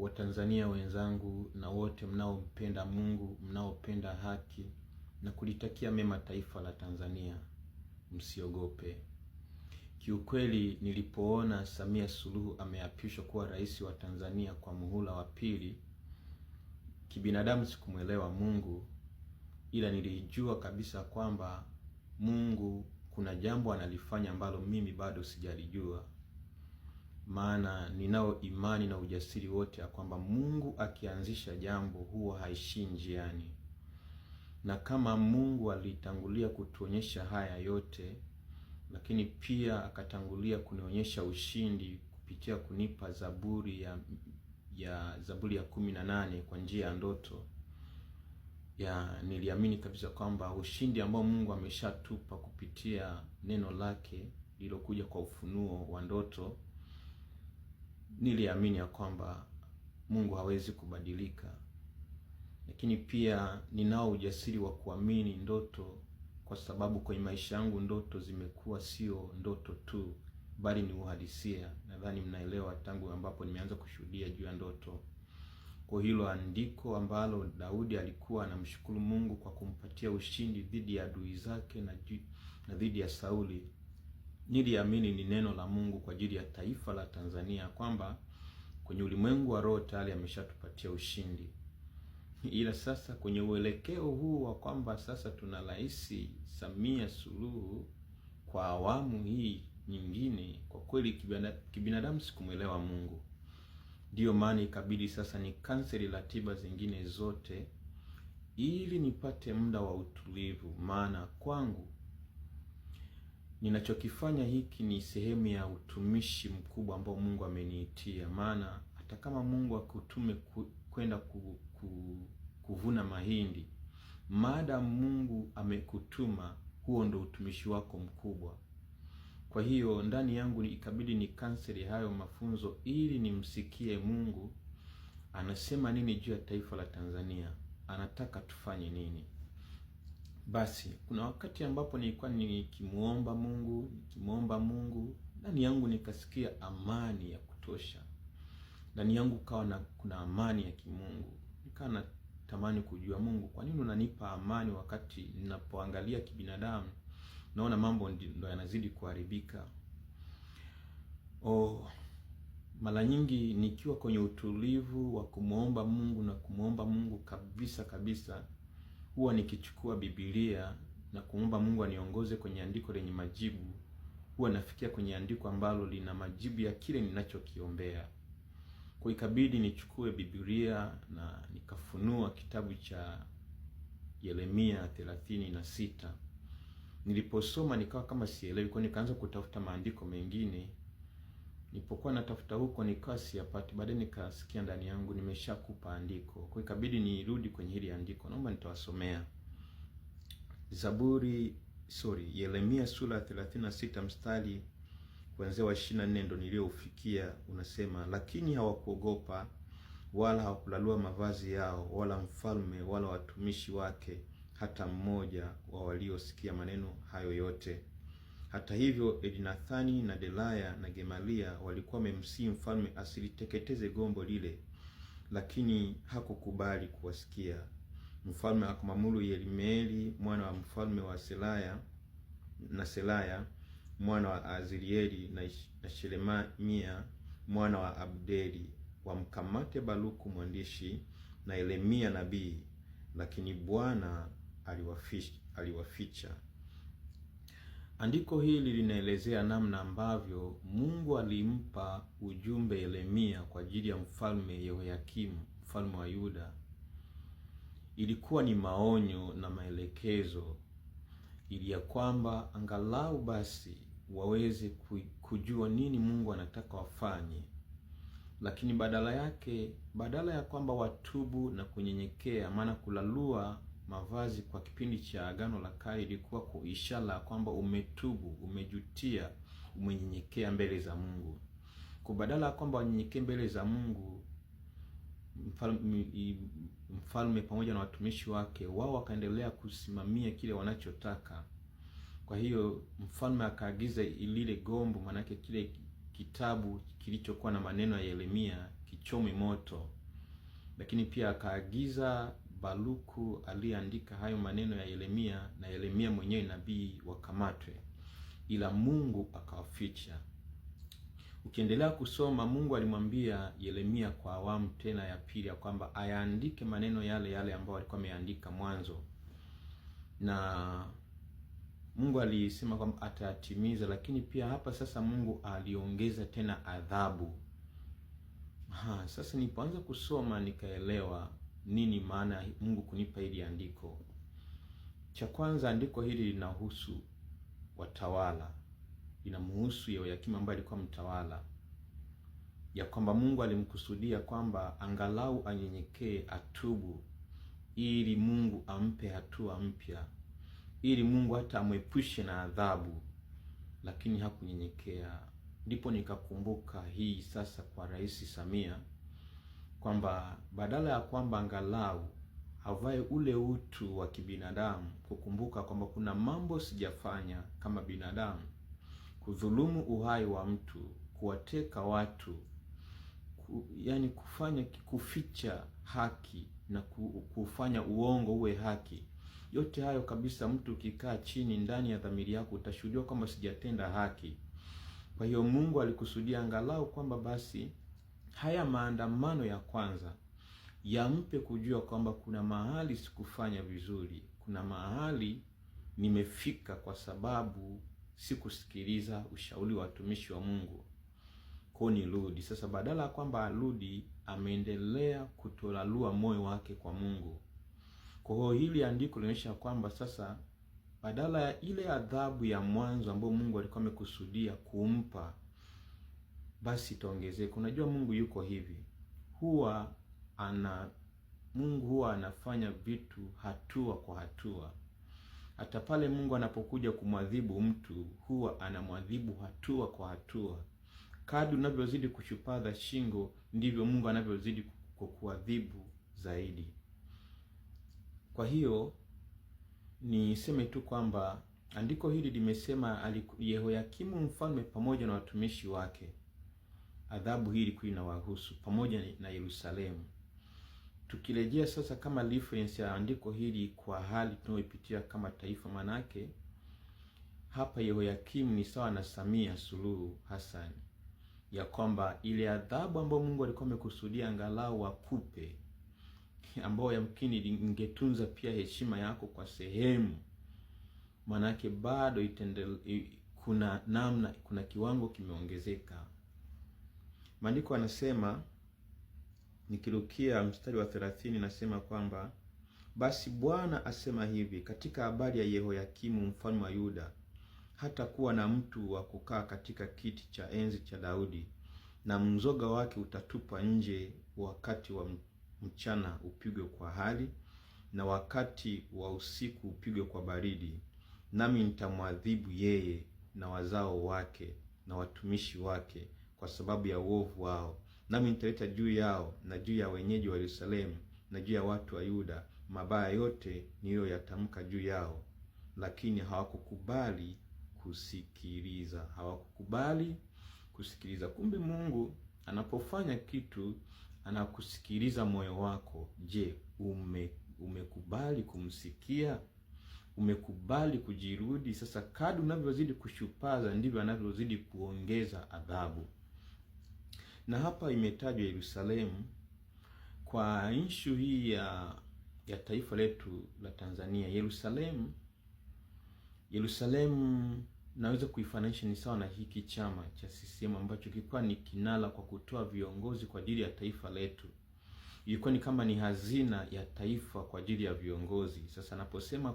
Watanzania wenzangu na wote mnaompenda Mungu, mnaopenda haki na kulitakia mema taifa la Tanzania, msiogope. Kiukweli, nilipoona Samia Suluhu ameapishwa kuwa rais wa Tanzania kwa muhula wa pili, kibinadamu sikumwelewa Mungu, ila nilijua kabisa kwamba Mungu kuna jambo analifanya ambalo mimi bado sijalijua maana ninao imani na ujasiri wote ya kwamba Mungu akianzisha jambo huwa haishii njiani, na kama Mungu alitangulia kutuonyesha haya yote, lakini pia akatangulia kunionyesha ushindi kupitia kunipa Zaburi ya ya Zaburi ya kumi na nane kwa njia ya ndoto ya, niliamini kabisa kwamba ushindi ambao Mungu ameshatupa kupitia neno lake lilokuja kwa ufunuo wa ndoto niliamini ya kwamba Mungu hawezi kubadilika, lakini pia ninao ujasiri wa kuamini ndoto, kwa sababu kwenye maisha yangu ndoto zimekuwa sio ndoto tu, bali ni uhalisia. Nadhani mnaelewa tangu ambapo nimeanza kushuhudia juu ya ndoto. Kwa hilo andiko ambalo Daudi alikuwa anamshukuru Mungu kwa kumpatia ushindi dhidi ya adui zake na dhidi ya Sauli niliamini ni neno la Mungu kwa ajili ya taifa la Tanzania kwamba kwenye ulimwengu wa roho tayari ameshatupatia ushindi, ila sasa kwenye uelekeo huu wa kwamba sasa tuna Rais Samia Suluhu kwa awamu hii nyingine, kwa kweli kibinadamu sikumwelewa Mungu. Ndiyo maana ikabidi sasa ni kanseli ratiba zingine zote ili nipate muda wa utulivu, maana kwangu ninachokifanya hiki ni sehemu ya utumishi mkubwa ambao Mungu ameniitia. Maana hata kama Mungu akutume kwenda ku, ku, kuvuna mahindi, maadamu Mungu amekutuma, huo ndo utumishi wako mkubwa. Kwa hiyo ndani yangu ikabidi ni kanseli hayo mafunzo ili nimsikie Mungu anasema nini juu ya taifa la Tanzania, anataka tufanye nini. Basi kuna wakati ambapo nilikuwa nikimwomba Mungu, nikimwomba Mungu, ndani yangu nikasikia amani ya kutosha, ndani yangu kawa na kuna amani ya kimungu. Nikawa natamani kujua Mungu, kwa nini unanipa amani wakati ninapoangalia kibinadamu naona mambo ndo yanazidi kuharibika? Oh, mara nyingi nikiwa kwenye utulivu wa kumwomba Mungu na kumwomba Mungu kabisa kabisa huwa nikichukua bibilia na kumuomba Mungu aniongoze kwenye andiko lenye majibu, huwa nafikia kwenye andiko ambalo lina majibu ya kile ninachokiombea. Kwa ikabidi nichukue bibilia na nikafunua kitabu cha Yeremia sita Niliposoma nikawa kama sielewi, kwa nikaanza kutafuta maandiko mengine Nilipokuwa natafuta huko nikawa siyapati, baadaye nikasikia ndani yangu nimeshakupa andiko. Kwa ikabidi nirudi kwenye hili andiko. Naomba nitawasomea Zaburi, sorry, Yeremia sura 36 mstari kuanzia wa 24 ndo niliyoufikia, unasema lakini hawakuogopa wala hawakulalua mavazi yao, wala mfalme wala watumishi wake, hata mmoja wa waliosikia maneno hayo yote hata hivyo, Elnathani na Delaya na Gemalia walikuwa wamemsihi mfalme asiliteketeze gombo lile, lakini hakukubali kuwasikia. Mfalme akamwamuru Yerimeeli mwana wa mfalme wa Selaya na Selaya mwana wa Azirieli na Shelemia mwana wa Abdeli wamkamate Baruku mwandishi na Yeremia nabii, lakini Bwana aliwaficha. Andiko hili linaelezea namna ambavyo Mungu alimpa ujumbe Yeremia kwa ajili ya mfalme Yehoyakimu, mfalme wa Yuda. Ilikuwa ni maonyo na maelekezo ili ya kwamba angalau basi waweze kujua nini Mungu anataka wafanye, lakini badala yake, badala ya kwamba watubu na kunyenyekea, maana kulalua mavazi kwa kipindi cha Agano la Kale ilikuwa kwa ishara ya kwamba umetubu, umejutia, umenyenyekea mbele za Mungu. Kwa badala ya kwamba wanyenyekee mbele za Mungu, mfalme, mfalme pamoja na watumishi wake, wao wakaendelea kusimamia kile wanachotaka. Kwa hiyo mfalme akaagiza lile gombo, maanake kile kitabu kilichokuwa na maneno ya Yeremia kichomwe moto, lakini pia akaagiza Baruku aliyeandika hayo maneno ya Yeremia na Yeremia mwenyewe nabii wakamatwe, ila Mungu akawaficha. Ukiendelea kusoma, Mungu alimwambia Yeremia kwa awamu tena ya pili ya kwamba ayaandike maneno yale yale ambayo alikuwa ameandika mwanzo, na Mungu alisema kwamba atayatimiza. Lakini pia hapa sasa Mungu aliongeza tena adhabu. Ha, sasa nilipoanza kusoma nikaelewa nini maana ya Mungu kunipa hili andiko. Cha kwanza, andiko hili linahusu watawala, linamhusu Yehoyakimu ambaye alikuwa mtawala, ya kwamba Mungu alimkusudia kwamba angalau anyenyekee, atubu, ili Mungu ampe hatua mpya, ili Mungu hata amwepushe na adhabu, lakini hakunyenyekea. Ndipo nikakumbuka hii sasa kwa Rais Samia kwamba badala ya kwamba angalau avae ule utu wa kibinadamu, kukumbuka kwamba kuna mambo sijafanya kama binadamu, kudhulumu uhai wa mtu, kuwateka watu ku, yani kufanya kuficha haki na kufanya uongo uwe haki. Yote hayo kabisa, mtu ukikaa chini ndani ya dhamiri yako utashuhudia kwamba sijatenda haki. Kwa hiyo Mungu alikusudia angalau kwamba basi haya maandamano ya kwanza yampe kujua kwamba kuna mahali sikufanya vizuri, kuna mahali nimefika kwa sababu sikusikiliza ushauri wa watumishi wa Mungu, ni rudi sasa. Badala ya kwamba arudi, ameendelea kutolalua moyo wake kwa Mungu. Kwa hiyo hili andiko linaonyesha kwamba sasa badala ya ile adhabu ya mwanzo ambayo Mungu alikuwa amekusudia kumpa basi tuongezeke. Unajua Mungu yuko hivi, huwa ana Mungu huwa anafanya vitu hatua kwa hatua. Hata pale Mungu anapokuja kumwadhibu mtu, huwa anamwadhibu hatua kwa hatua. Kadri unavyozidi kushupaza shingo, ndivyo Mungu anavyozidi kukuadhibu zaidi. Kwa hiyo niseme tu kwamba andiko hili limesema Yehoyakimu mfalme pamoja na watumishi wake adhabu hii ilikuwa inawahusu pamoja na Yerusalemu. Tukirejea sasa kama reference ya andiko hili kwa hali tunayoipitia kama taifa, manake hapa yehoyakim ni sawa na Samia Suluhu Hassan, ya kwamba ile adhabu ambayo Mungu alikuwa amekusudia angalau wakupe, ambayo yamkini ingetunza pia heshima yako kwa sehemu, manake bado itendele, kuna namna, kuna kiwango kimeongezeka Maandiko anasema nikirukia mstari wa 30 nasema kwamba basi Bwana asema hivi katika habari ya Yehoyakimu mfalme wa Yuda, hata kuwa na mtu wa kukaa katika kiti cha enzi cha Daudi, na mzoga wake utatupwa nje wakati wa mchana upigwe kwa hali, na wakati wa usiku upigwe kwa baridi, nami nitamwadhibu yeye na wazao wake na watumishi wake kwa sababu ya uovu wao, nami nitaleta juu yao na juu ya wenyeji wa Yerusalemu na juu ya watu wa Yuda mabaya yote niliyoyatamka juu yao, lakini hawakukubali kusikiliza. Hawakukubali kusikiliza. Kumbe Mungu anapofanya kitu anakusikiliza moyo wako. Je, ume umekubali kumsikia? Umekubali kujirudi? Sasa kadri unavyozidi kushupaza ndivyo anavyozidi kuongeza adhabu na hapa imetajwa Yerusalemu kwa inshu hii ya ya taifa letu la Tanzania. Yerusalemu, Yerusalemu naweza kuifananisha ni sawa na hiki chama cha CCM ambacho kilikuwa ni kinala kwa kutoa viongozi kwa ajili ya taifa letu. Ilikuwa ni kama ni hazina ya taifa kwa ajili ya viongozi. Sasa naposema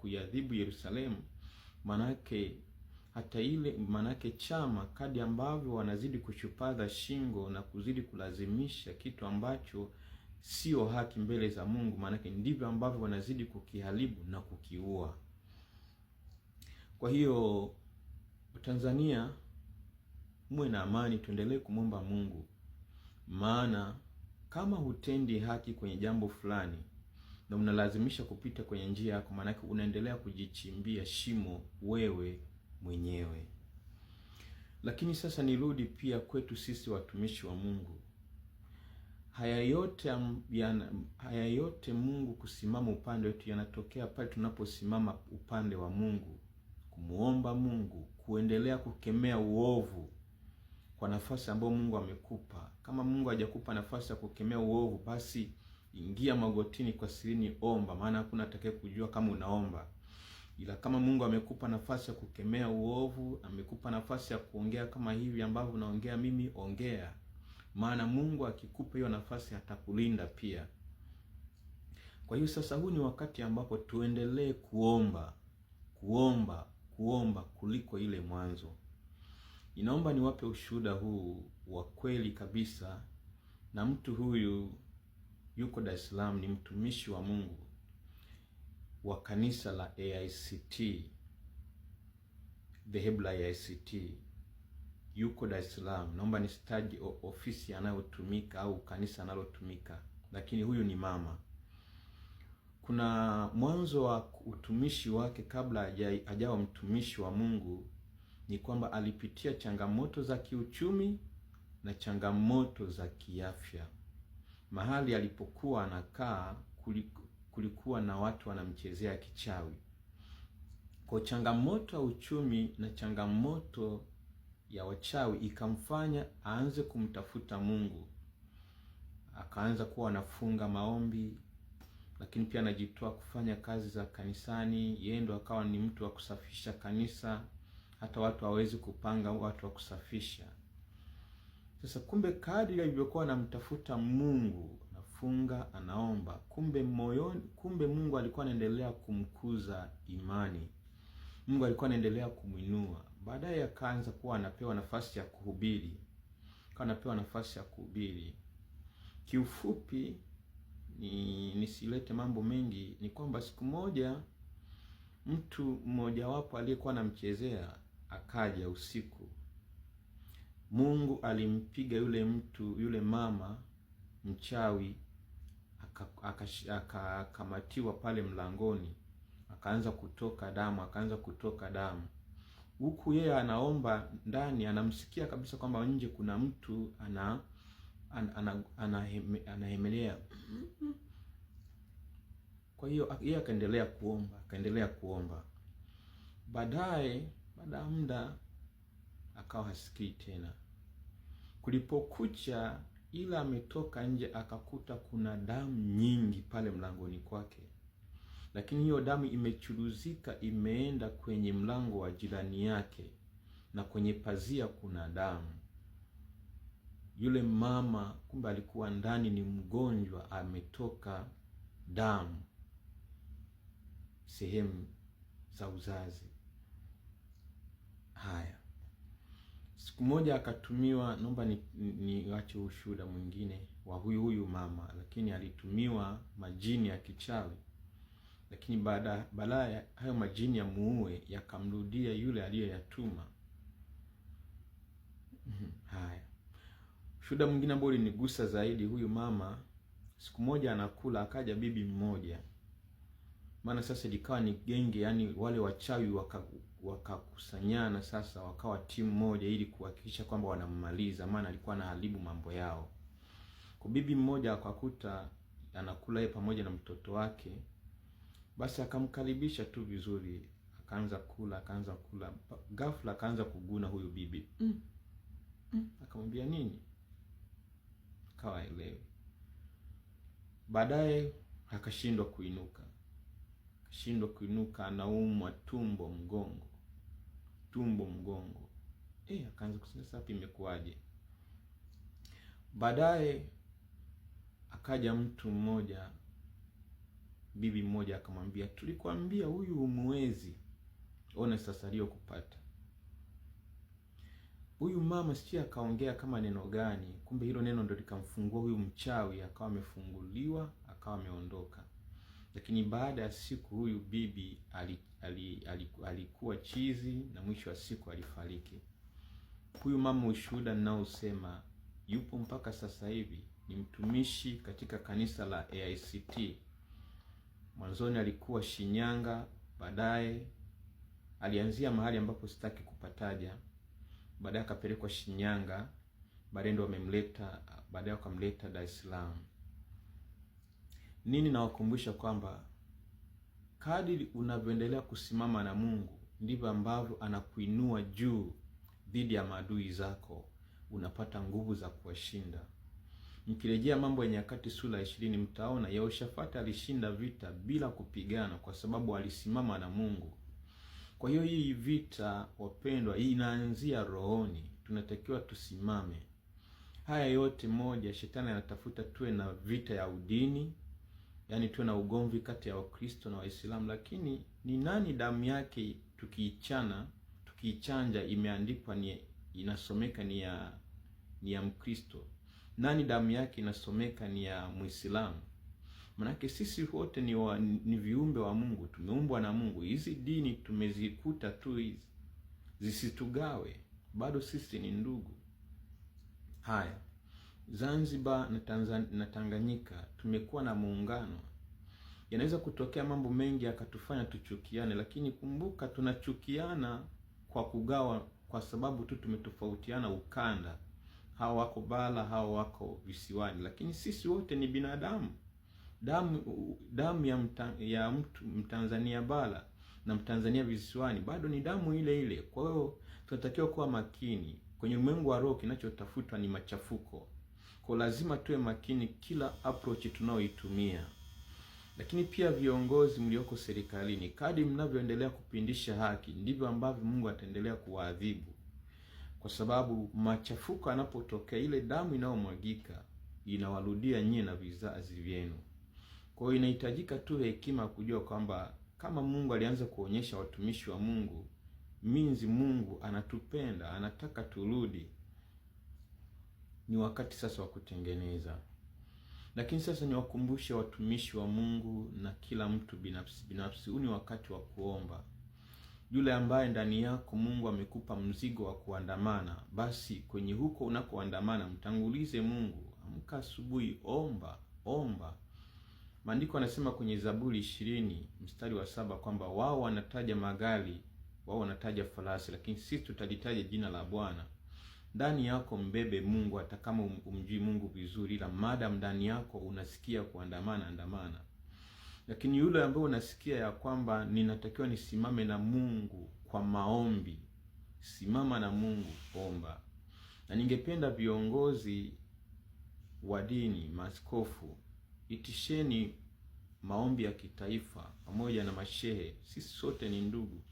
kuiadhibu Yerusalemu, maanake hata ile maanake, chama kadi ambavyo wanazidi kushupaza shingo na kuzidi kulazimisha kitu ambacho sio haki mbele za Mungu, maanake ndivyo ambavyo wanazidi kukiharibu na kukiua. Kwa hiyo Tanzania, muwe na amani, tuendelee kumwomba Mungu, maana kama hutendi haki kwenye jambo fulani na unalazimisha kupita kwenye njia yako, maanake unaendelea kujichimbia shimo wewe mwenyewe. Lakini sasa nirudi pia kwetu sisi watumishi wa Mungu. Haya yote yana, haya yote Mungu kusimama upande wetu yanatokea pale tunaposimama upande wa Mungu, kumuomba Mungu, kuendelea kukemea uovu kwa nafasi ambayo Mungu amekupa. Kama Mungu hajakupa nafasi ya kukemea uovu, basi ingia magotini kwa sirini, omba, maana hakuna atakaye kujua kama unaomba ila kama Mungu amekupa nafasi ya kukemea uovu, amekupa nafasi ya kuongea kama hivi ambavyo naongea mimi, ongea, maana Mungu akikupa hiyo nafasi atakulinda pia. Kwa hiyo sasa, huu ni wakati ambapo tuendelee kuomba, kuomba, kuomba kuliko ile mwanzo. Inaomba niwape ushuhuda huu wa kweli kabisa, na mtu huyu yuko Dar es Salaam, ni mtumishi wa Mungu wa kanisa la AICT dhehebu la AICT yuko Dar es Salaam. Naomba nisitaje ofisi anayotumika au kanisa analotumika, lakini huyu ni mama. Kuna mwanzo wa utumishi wake kabla hajawa mtumishi wa Mungu ni kwamba alipitia changamoto za kiuchumi na changamoto za kiafya. Mahali alipokuwa anakaa kulikuwa na watu wanamchezea kichawi. Kwa changamoto ya uchumi na changamoto ya wachawi ikamfanya aanze kumtafuta Mungu, akaanza kuwa anafunga maombi, lakini pia anajitoa kufanya kazi za kanisani. Yeye ndo akawa ni mtu wa kusafisha kanisa, hata watu hawezi kupanga watu wa kusafisha. Sasa kumbe kadri alivyokuwa anamtafuta Mungu anafunga, anaomba, kumbe moyoni, kumbe Mungu alikuwa anaendelea kumkuza imani. Mungu alikuwa anaendelea kumwinua. Baadaye akaanza kuwa anapewa nafasi ya kuhubiri, akawa anapewa nafasi ya kuhubiri. Kiufupi ni nisilete mambo mengi, ni kwamba siku moja mtu mmojawapo aliyekuwa anamchezea akaja usiku. Mungu alimpiga yule mtu, yule mama mchawi akakamatiwa pale mlangoni, akaanza kutoka damu, akaanza kutoka damu huku yeye anaomba ndani, anamsikia kabisa kwamba nje kuna mtu ana anahemelea. Kwa hiyo yeye akaendelea kuomba, akaendelea kuomba. Baadaye, baada ya muda, akawa hasikii tena. Kulipokucha ila ametoka nje akakuta kuna damu nyingi pale mlangoni kwake, lakini hiyo damu imechuruzika imeenda kwenye mlango wa jirani yake, na kwenye pazia kuna damu. Yule mama kumbe alikuwa ndani ni mgonjwa, ametoka damu sehemu za uzazi. Haya. Siku moja akatumiwa, naomba niwache ni ushuhuda mwingine wa huyu huyu mama, lakini alitumiwa majini ya kichawi, lakini baada balaa hayo majini ya muue yakamrudia yule aliyoyatuma. Mhm, haya, ushuhuda mwingine ambao ulinigusa zaidi, huyu mama siku moja anakula, akaja bibi mmoja, maana sasa ilikawa ni genge, yani wale wachawi waka wakakusanyana sasa, wakawa timu moja ili kuhakikisha kwamba wanamaliza, maana alikuwa anaharibu mambo yao. Kwa bibi mmoja akakuta anakula yeye pamoja na mtoto wake, basi akamkaribisha tu vizuri, akaanza kula, akaanza kula, ghafla akaanza kuguna huyu bibi mm. mm. akamwambia nini, akawa Baadaye akashindwa kuinuka, akashindwa kuinuka, anaumwa tumbo, mgongo tumbo, mgongo. E, akaanza kusema sasa, imekuwaje? Baadaye akaja mtu mmoja, bibi mmoja akamwambia, tulikwambia huyu humwezi, ona sasa kupata huyu mama. Sijui akaongea kama neno gani, kumbe hilo neno ndo likamfungua huyu mchawi, akawa amefunguliwa, akawa ameondoka. Lakini baada ya siku huyu bibi alikuwa chizi na mwisho wa siku alifariki. Huyu mama, ushuhuda ninaosema yupo mpaka sasa hivi, ni mtumishi katika kanisa la AICT. Mwanzoni alikuwa Shinyanga, baadaye alianzia mahali ambapo sitaki kupataja, baadaye akapelekwa Shinyanga, baadaye ndo wamemleta, baadaye wakamleta Dar es Salaam. Nini nawakumbusha kwamba Kadiri unavyoendelea kusimama na Mungu, ndivyo ambavyo anakuinua juu dhidi ya maadui zako, unapata nguvu za kuwashinda. Mkirejea Mambo ya Nyakati sura ya ishirini mtaona Yehoshafati alishinda vita bila kupigana, kwa sababu alisimama na Mungu. Kwa hiyo hii vita, wapendwa, hii inaanzia rohoni. Tunatakiwa tusimame. Haya yote moja, shetani anatafuta tuwe na vita ya udini yaani tuwe na ugomvi kati ya Wakristo na Waislamu, lakini ni nani damu yake tukiichana tukiichanja imeandikwa ni inasomeka ni ya ni ya Mkristo, nani damu yake inasomeka ni ya Muislamu? Manake sisi wote ni, wa, ni viumbe wa Mungu, tumeumbwa na Mungu. Hizi dini tumezikuta tu hizi, zisitugawe, bado sisi ni ndugu. Haya. Zanzibar na Tanzania na Tanganyika tumekuwa na muungano. Yanaweza kutokea mambo mengi yakatufanya tuchukiane, lakini kumbuka, tunachukiana kwa kugawa, kwa sababu tu tumetofautiana ukanda. Hawa wako bara, hawa wako visiwani, lakini sisi wote ni binadamu. Damu damu ya, mta, ya mtu Mtanzania bara na Mtanzania visiwani bado ni damu ile ile. Kwa hiyo tunatakiwa kuwa makini. Kwenye ulimwengu wa roho, kinachotafutwa ni machafuko. Kwa lazima tuwe makini kila approach tunayoitumia. Lakini pia viongozi mlioko serikalini, kadri mnavyoendelea kupindisha haki, ndivyo ambavyo Mungu ataendelea kuwaadhibu, kwa sababu machafuko yanapotokea, ile damu inayomwagika inawarudia nyie na vizazi vyenu. Kwa hiyo inahitajika tu hekima kujua kwamba kama Mungu alianza kuonyesha watumishi wa Mungu minzi, Mungu anatupenda, anataka turudi ni wakati sasa wa kutengeneza. Lakini sasa niwakumbushe watumishi wa Mungu na kila mtu binafsi binafsi, huu ni wakati wa kuomba. Yule ambaye ndani yako Mungu amekupa mzigo wa kuandamana, basi kwenye huko unakoandamana mtangulize Mungu. Amka asubuhi, omba omba. Maandiko anasema kwenye Zaburi ishirini mstari wa saba kwamba wao wanataja magari, wao wanataja farasi, lakini sisi tutalitaja jina la Bwana ndani yako mbebe Mungu, hata kama um, umjui Mungu vizuri, ila maadamu ndani yako unasikia kuandamana, andamana. Lakini yule ambaye unasikia ya kwamba ninatakiwa nisimame na Mungu kwa maombi, simama na Mungu, omba. Na ningependa viongozi wa dini, maskofu itisheni maombi ya kitaifa pamoja na mashehe. Sisi sote ni ndugu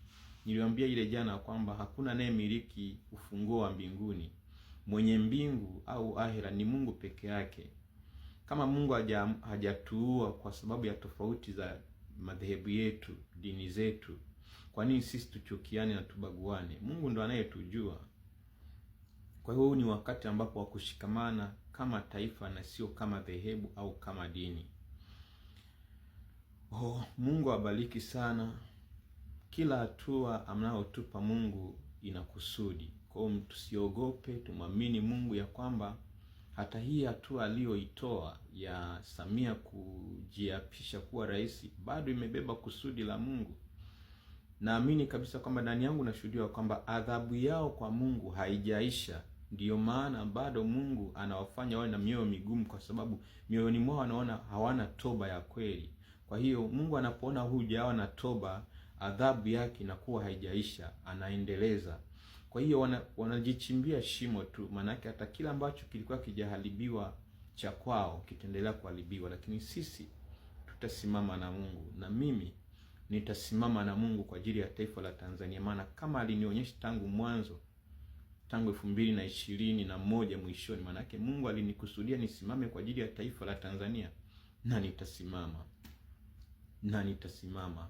niliwambia ile jana kwamba hakuna anayemiliki ufunguo wa mbinguni. Mwenye mbingu au ahira ni Mungu peke yake. Kama Mungu haja, hajatuua kwa sababu ya tofauti za madhehebu yetu, dini zetu, kwa nini sisi tuchukiane na tubaguane? Mungu ndo anayetujua. Kwa hiyo huu ni wakati ambapo wa kushikamana kama taifa na sio kama dhehebu au kama dini. Oh, Mungu abariki sana kila hatua anayotupa Mungu ina kusudi. Kwa hiyo tusiogope, tumwamini Mungu ya kwamba hata hii hatua aliyoitoa ya Samia kujiapisha kuwa rais bado imebeba kusudi la Mungu. Naamini kabisa kwamba ndani yangu nashuhudia kwamba adhabu yao kwa Mungu haijaisha. Ndiyo maana bado Mungu anawafanya wawe na mioyo migumu, kwa sababu mioyoni mwao wanaona hawana toba ya kweli. Kwa hiyo Mungu anapoona huyu na toba adhabu yake inakuwa haijaisha, anaendeleza. Kwa hiyo wana, wanajichimbia shimo tu, maanake hata kile ambacho kilikuwa kijaharibiwa cha kwao kitaendelea kuharibiwa, lakini sisi tutasimama na Mungu, na mimi nitasimama na Mungu kwa ajili ya taifa la Tanzania, maana kama alinionyesha tangu mwanzo, tangu elfu mbili na ishirini na moja mwishoni, maanake Mungu alinikusudia nisimame kwa ajili ya taifa la Tanzania, na nitasimama na nitasimama.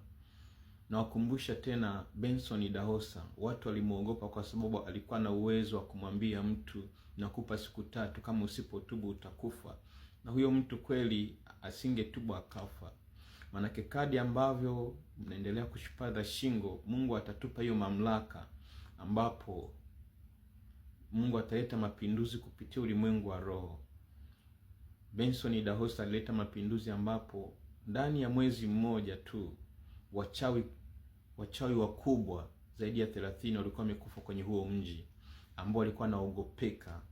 Nawakumbusha tena Benson Dahosa, watu walimwogopa kwa sababu alikuwa na uwezo wa kumwambia mtu nakupa siku tatu, kama usipotubu utakufa, na huyo mtu kweli asingetubu akafa. Manake kadi ambavyo mnaendelea kushupaza shingo, Mungu atatupa hiyo mamlaka, ambapo Mungu ataleta mapinduzi kupitia ulimwengu wa roho. Benson Dahosa alileta mapinduzi, ambapo ndani ya mwezi mmoja tu wachawi wachawi wakubwa zaidi ya 30 walikuwa wamekufa kwenye huo mji ambao walikuwa naogopeka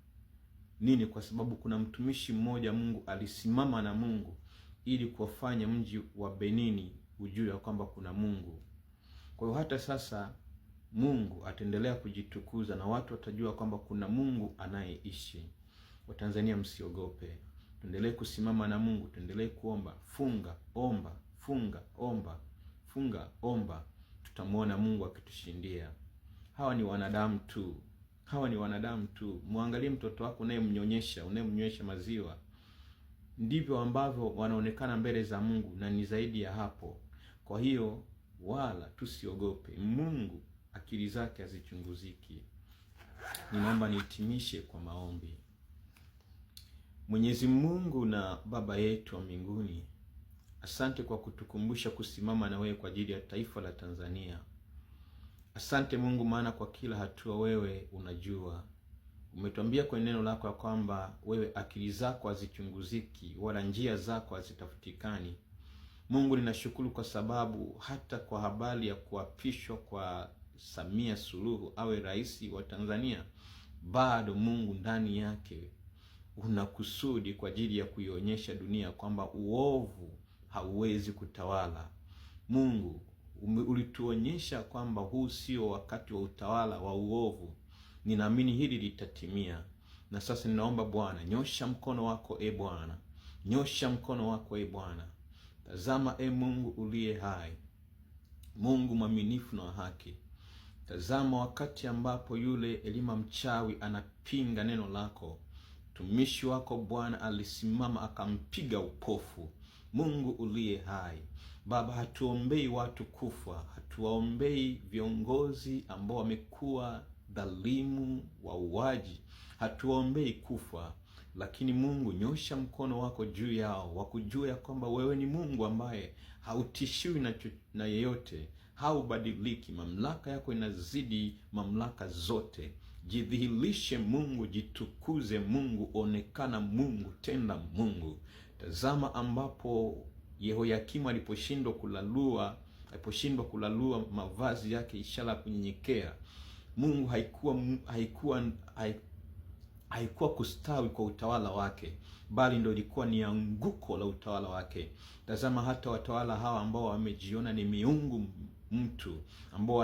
nini? Kwa sababu kuna mtumishi mmoja Mungu alisimama na Mungu ili kuwafanya mji wa Benini ujue kwamba kuna Mungu. Kwa hiyo hata sasa Mungu ataendelea kujitukuza na watu watajua kwamba kuna Mungu anayeishi. Watanzania, msiogope, tuendelee kusimama na Mungu, tuendelee kuomba. Funga, omba, funga, omba, funga, omba tutamwona Mungu akitushindia. Hawa ni wanadamu tu, hawa ni wanadamu tu. Mwangalie mtoto wako unayemnyonyesha, unayemnywesha maziwa, ndivyo ambavyo wanaonekana mbele za Mungu na ni zaidi ya hapo. Kwa hiyo wala tusiogope. Mungu akili zake hazichunguziki. Ninaomba nihitimishe kwa maombi. Mwenyezi Mungu na Baba yetu wa mbinguni Asante kwa kutukumbusha kusimama na wewe kwa ajili ya taifa la Tanzania. Asante Mungu, maana kwa kila hatua wewe unajua. Umetuambia kwenye neno lako ya kwamba wewe akili zako hazichunguziki wala njia zako hazitafutikani. Mungu, ninashukuru kwa sababu hata kwa habari ya kuapishwa kwa Samia Suluhu awe rais wa Tanzania, bado Mungu ndani yake una kusudi kwa ajili ya kuionyesha dunia kwamba uovu hauwezi kutawala. Mungu ulituonyesha kwamba huu sio wakati wa utawala wa uovu. Ninaamini hili litatimia, na sasa ninaomba Bwana, nyosha mkono wako e Bwana, nyosha mkono wako e Bwana. Tazama e Mungu uliye hai, Mungu mwaminifu na haki Tazama wakati ambapo yule Elima mchawi anapinga neno lako, mtumishi wako Bwana alisimama akampiga upofu. Mungu uliye hai. Baba, hatuombei watu kufa, hatuwaombei viongozi ambao wamekuwa dhalimu, wauaji, hatuwaombei kufa, lakini Mungu, nyosha mkono wako juu yao, wakujua ya kwamba wewe ni Mungu ambaye hautishiwi na, na yeyote, haubadiliki. Mamlaka yako inazidi mamlaka zote. Jidhihirishe Mungu, jitukuze Mungu, onekana Mungu, tenda Mungu. Tazama ambapo Yehoyakimu aliposhindwa kulalua aliposhindwa kulalua mavazi yake, ishara ya kunyenyekea Mungu, haikuwa haikuwa haikuwa kustawi kwa utawala wake, bali ndio ilikuwa ni anguko la utawala wake. Tazama hata watawala hawa ambao wamejiona ni miungu mtu ambao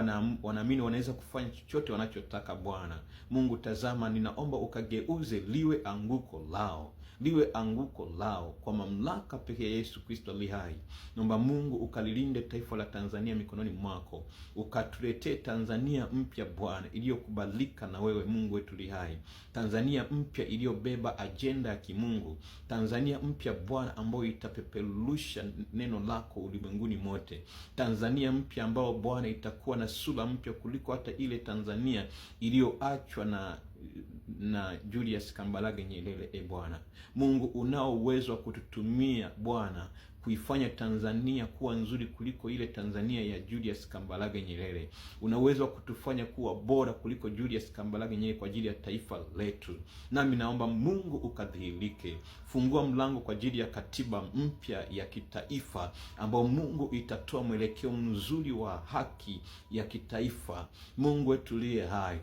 wanaamini wanaweza kufanya chochote wanachotaka. Bwana Mungu, tazama, ninaomba ukageuze liwe anguko lao liwe anguko lao kwa mamlaka pekee ya Yesu Kristo ali hai. Naomba Mungu ukalilinde taifa la Tanzania mikononi mwako, ukatuletee Tanzania mpya Bwana, iliyokubalika na wewe Mungu wetu lihai hai, Tanzania mpya iliyobeba ajenda ya kimungu, Tanzania mpya Bwana, ambayo itapeperusha neno lako ulimwenguni mote, Tanzania mpya ambayo Bwana itakuwa na sura mpya kuliko hata ile Tanzania iliyoachwa na na Julius Kambarage Nyerere. E Bwana Mungu, unao uwezo wa kututumia Bwana kuifanya Tanzania kuwa nzuri kuliko ile Tanzania ya Julius Kambarage Nyerere. Una uwezo wa kutufanya kuwa bora kuliko Julius Kambarage Nyerere kwa ajili ya taifa letu. Nami naomba Mungu ukadhihirike. Fungua mlango kwa ajili ya katiba mpya ya kitaifa ambao Mungu itatoa mwelekeo mzuri wa haki ya kitaifa. Mungu wetu liye hai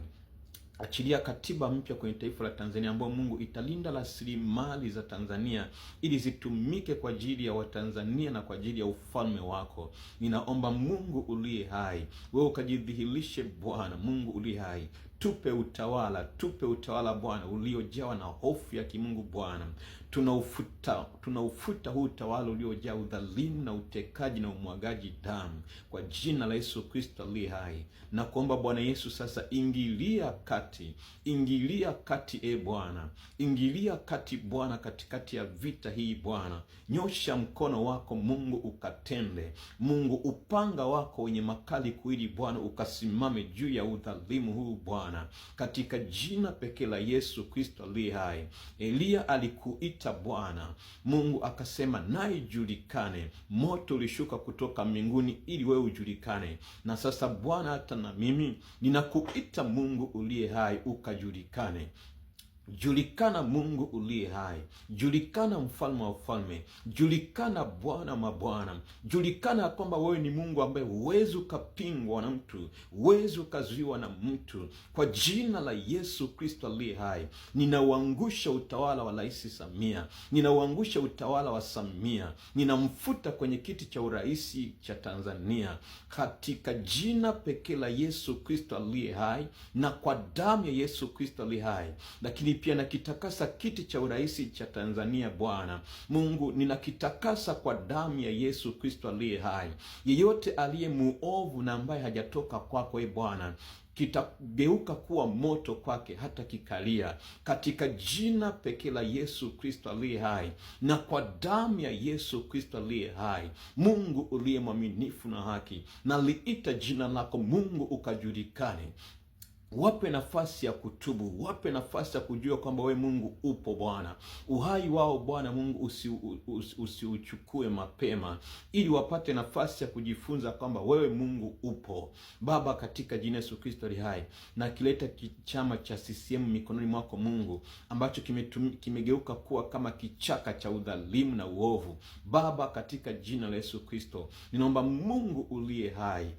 achilia katiba mpya kwenye taifa la Tanzania ambayo Mungu italinda rasilimali za Tanzania ili zitumike kwa ajili ya Watanzania na kwa ajili ya ufalme wako. Ninaomba Mungu uliye hai, wewe ukajidhihirishe Bwana Mungu uliye hai tupe utawala, tupe utawala Bwana uliojawa na hofu ya kimungu Bwana, tunaufuta tunaufuta huu utawala uliojaa udhalimu na utekaji na umwagaji damu kwa jina la Yesu Kristo aliye hai, na kuomba Bwana Yesu sasa, ingilia kati, ingilia kati, e Bwana, ingilia kati Bwana, katikati ya vita hii Bwana, nyosha mkono wako Mungu ukatende, Mungu upanga wako wenye makali kuili Bwana, ukasimame juu ya udhalimu huu Bwana, katika jina pekee la Yesu Kristo aliye hai. Eliya alikuita cha Bwana Mungu akasema, naye julikane. Moto ulishuka kutoka mbinguni ili wewe ujulikane. Na sasa Bwana, hata na mimi ninakuita Mungu uliye hai, ukajulikane. Julikana Mungu uliye hai, julikana mfalme wa ufalme, julikana Bwana mabwana, julikana kwamba wewe ni Mungu ambaye huwezi ukapingwa na mtu, huwezi ukazuiwa na mtu. Kwa jina la Yesu Kristo aliye hai, ninauangusha utawala wa raisi Samia, ninauangusha utawala wa Samia, ninamfuta kwenye kiti cha urahisi cha Tanzania katika jina pekee la Yesu Kristo aliye hai na kwa damu ya Yesu Kristo aliye hai, lakini lakini pia nakitakasa kiti cha urais cha Tanzania. Bwana Mungu, ninakitakasa kwa damu ya Yesu Kristo aliye hai. Yeyote aliye muovu na ambaye hajatoka kwako, e Bwana, kitageuka kuwa moto kwake hata kikalia, katika jina pekee la Yesu Kristo aliye hai na kwa damu ya Yesu Kristo aliye hai. Mungu uliye mwaminifu na haki, naliita jina lako Mungu ukajulikane Wape nafasi ya kutubu, wape nafasi ya kujua kwamba we Mungu upo Bwana. Uhai wao Bwana Mungu usiuchukue usi, usi mapema, ili wapate nafasi ya kujifunza kwamba wewe Mungu upo Baba, katika jina Yesu Kristo li hai. Na kileta chama cha CCM mikononi mwako Mungu, ambacho kimegeuka kuwa kama kichaka cha udhalimu na uovu Baba, katika jina la Yesu Kristo ninaomba Mungu uliye hai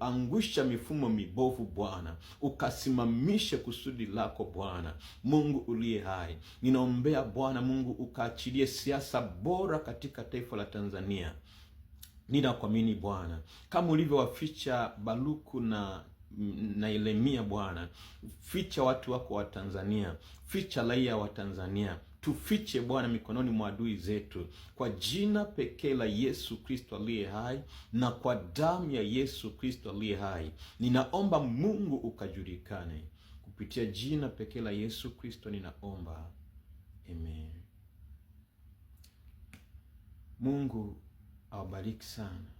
angusha mifumo mibovu Bwana ukasimamishe kusudi lako Bwana Mungu uliye hai. Ninaombea Bwana Mungu ukaachilie siasa bora katika taifa la Tanzania. Ninakuamini Bwana, kama ulivyowaficha Baruku na na Yeremia Bwana, ficha watu wako wa Tanzania, ficha raia wa Tanzania tufiche Bwana mikononi mwa adui zetu, kwa jina pekee la Yesu Kristo aliye hai na kwa damu ya Yesu Kristo aliye hai. Ninaomba Mungu ukajulikane kupitia jina pekee la Yesu Kristo, ninaomba amen. Mungu awabariki sana.